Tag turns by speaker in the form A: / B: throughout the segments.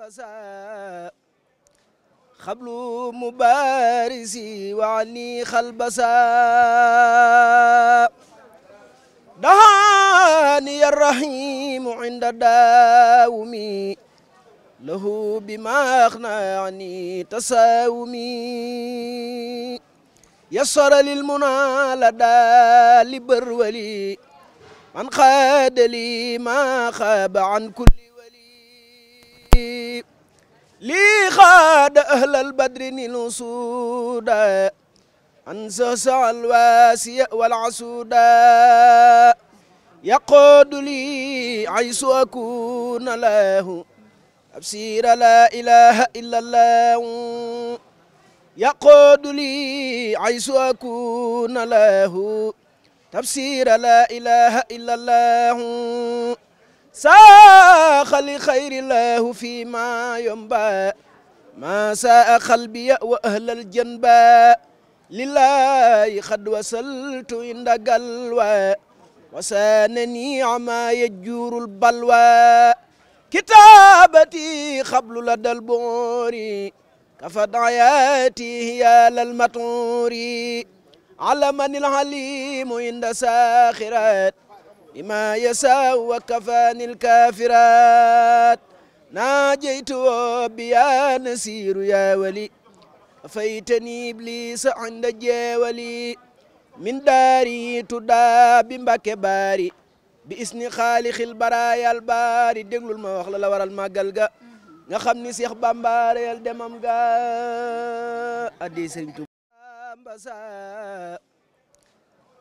A: بسا خبل مبارزي وعني خلبسا دهاني الرحيم عند داومي له بما أغنعني تساومي يسر للمنى لدى لبرولي من خاد لي ما خاب عن كل lii xaada ahlal badri ninu suuda an sasa alwaasiya wal asuuda yaqoodu lii aysu akuna lahu absira la ilaha illa allah yaqoodu lii aysu akuna lahu tafsira la ilaha illa allah ساق لخير الله فيما ينبا ما ساء قلبي وأهل الجنبا لله قد وصلت عند قلوى وسانني عما يجور البلوى كتابتي قبل لدى البور كفت حياتي هي للمطور علمني العليم عند ساخرات بما يساء وكفاني الكافرات ناجيت بيا نسير يا ولي فيتني إبليس عند جولي من داري تدا بمبك باري بإسن خالق البرايا الباري دقلوا المواخ لا ورا الماغل ga nga xam ni Seex Bamba reel demam ga addi Sëriñ Tuubaa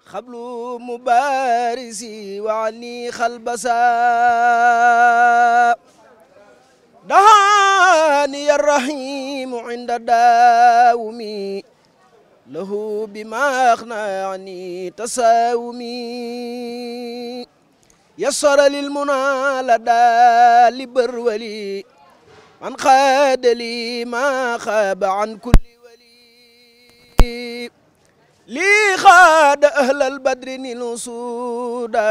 A: xablu mubarisi waani xalbasa dahaani ya rahimu inda daawumi lahu bima axnaani tasawumi yassara lil muna lada li bërwali an xaadali ma xaaba an kulli wali lii xaada ahlal badri nilu suuda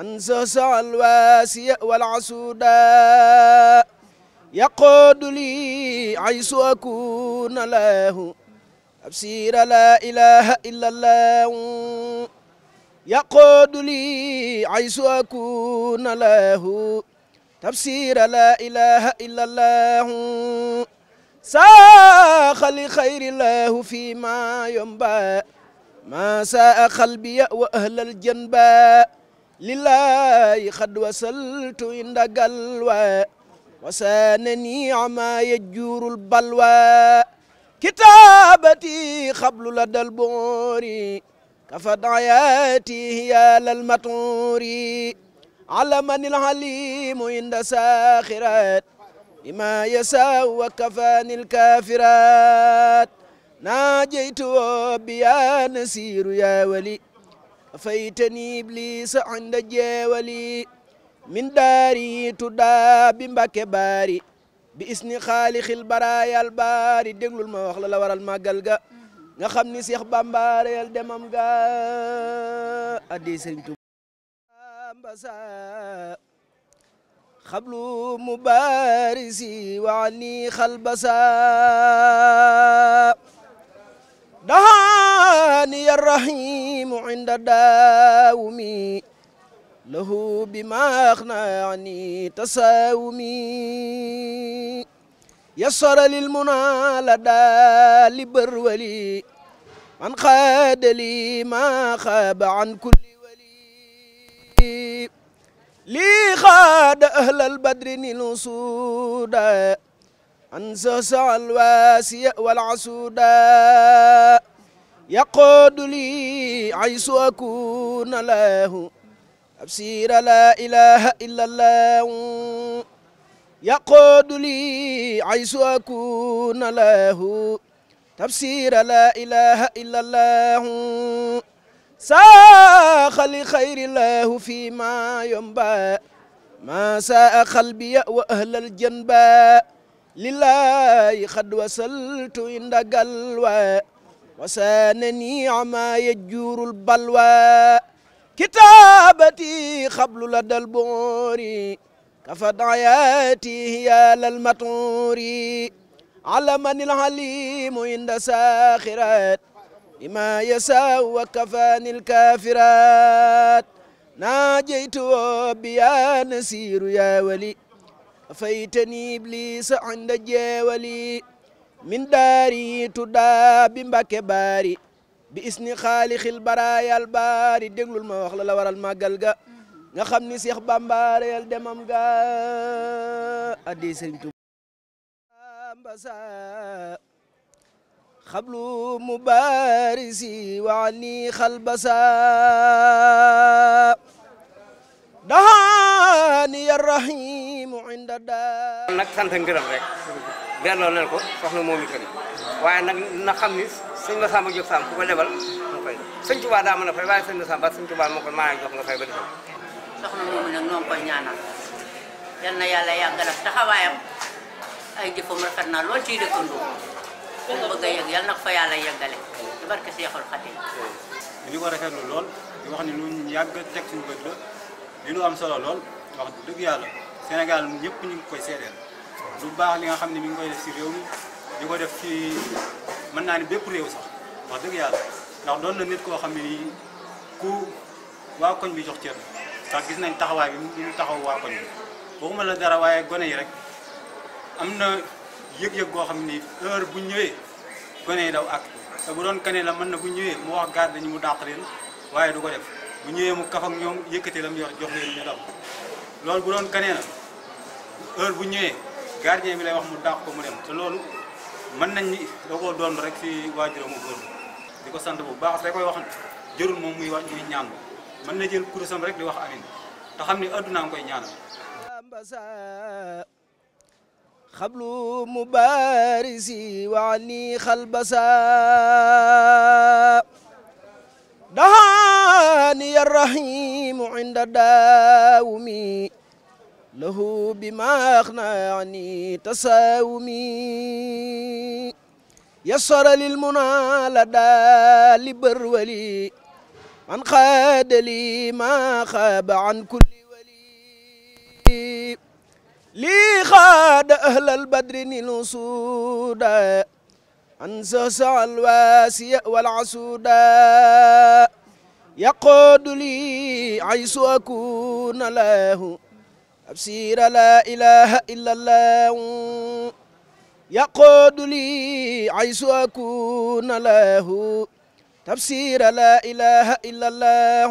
A: an sasa alwaasiya wal asuuda yaqoodu lii aysu akuuna lahu absiira laa ilaha illa allahu yaqoodu lii aysu akuuna lahu tafsiira laa ilaha illa allahu ساق لخير الله فيما ينبا ما ساء قلبي وأهل الجنبا لله قد وصلت عند قلوى وسانني عما يجور البلوى كتابتي قبل لدى البور كفت حياتي هي للمطور علمني العليم عند ساخرات بما يساء وكفاني الكافرات ناجيت بيا نسير يا ولي أفيتني إبليس عند جولي من داري تدا بمبك باري بإسن خالق البرايا الباري دقلوا ما وخلا لورا المقل nga xam ni Seex Bamba reel demam ga addi Sëriñ Tuubaa xablu mubarisi waani xalbasa dahaani arrahimu inda daawumi lahu bima axnaani tasawumi yassara lilmuna lada li barwali man xaadali ma xaaba an kulli wali lii xaada ahlal badri nilu suuda an sasa alwaasiya wal asuuda yaqoodu lii aysu akuna lahu absira la ilaha illa allahu yaqoodu lii aysu akuna lahu tabsira la ilaha illa allahu ساخ لخير الله فيما ينبا ما ساء قلبي وأهل الجنبا لله قد وصلت عند قلوى وسانني عما يجور البلوى كتابتي قبل لدى البور كفت حياتي هي للمطور علمني العليم عند ساخرات بما يشاء وكفاني الكافرات ناجيت بيا نسير يا ولي فيتني إبليس عند جولي من داري تدا بمبك باري بإسن خالق البرايا الباري دقلوا المواخ لا ورا المقل nga xam ni Seex Bamba reel demam ga addi Sëriñ Tuubaa xablu mubarisi waani xalbasa daani arrahimu inda
B: daa nag sant ngërëm rek delloo leen ko soxna moom itam waaye nag na xam ni sëñ Massamba Diop Samb ku ko lebal mu koy sëñ Tuubaa daa mën a fay waaye sëñ Massamba sëñ Tuubaa moo ko maa jox nga fay ba defal soxna moomu nag noo ngi koy ñaanal yal na yàlla yàggal ak taxawaayam ay jëfam rafet na lool ciy dëkkandoo fu mu bëgg a yëg yal na ko fa yàlla yëggale ci barke Seexul Xadim ñu eh, ko rafetlu lool di wax ni lu ñu yàgg teg suñu bët la li ñu am solo lool wax dëgg yàlla Sénégal ñëpp ñu ngi koy seedeel lu baax li nga xam ne mu ngi koy def si réew mi di ko def ci mën naa ni bépp réew sax wax dëgg yàlla ndax doon na nit koo xam ne nii ku waa koñ bi jox cër ndax gis nañ taxawaay bi mu taxaw waa koñ bi waxuma la dara waaye gone yi rek am na yëg-yëg goo xam ni heure bu ñëwee gone yi daw ak te bu doon kane la mën na bu ñëwee mu wax garde ñu mu dàq leen waaye du ko def bu ñëwee mu kaf ak ñoom yëkkati lam yor jox leen ñu daw loolu bu doon kanee la bu ñëwee gardien bi lay wax mu dàq ko mu dem te loolu mën nañ ni da koo doon rek ci waajuramu góor di ko sant bu baax da koy wax jërul moom muy wax muy ñaan mën na jël kurusam rek di wax amin te xam ni àdduna koy ñaanal
A: xablu mubarisi wa anni xalbasa dahaani arrahimu inda daawumi lahu bima axnaani tasawumi yassara lil muna lada li bërwali man xaadali ma xaaba an kulli أراد أهل البدر نصودا أن سسع الواسي والعسودا يقود لي عيس أكون له أبصير لا إله إلا الله يقود لي عيس أكون له تفسير لا إله إلا الله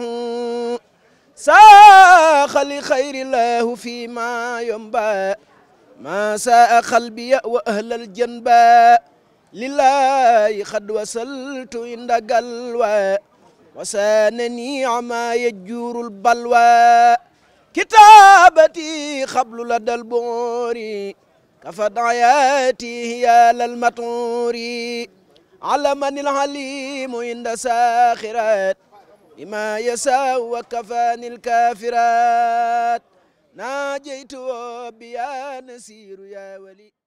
A: ساخ لخير الله فيما ينبأ ما ساء قلبي وأهل الجنبى لله قد وصلت عند قلوى وسانني عما يجور البلوى كتابتي قبل لدى البور كفت حياتي هي للمطور علمني العليم عند ساخرات لما يساء وكفاني الكافرات ناجيت بيا نسير يا ولي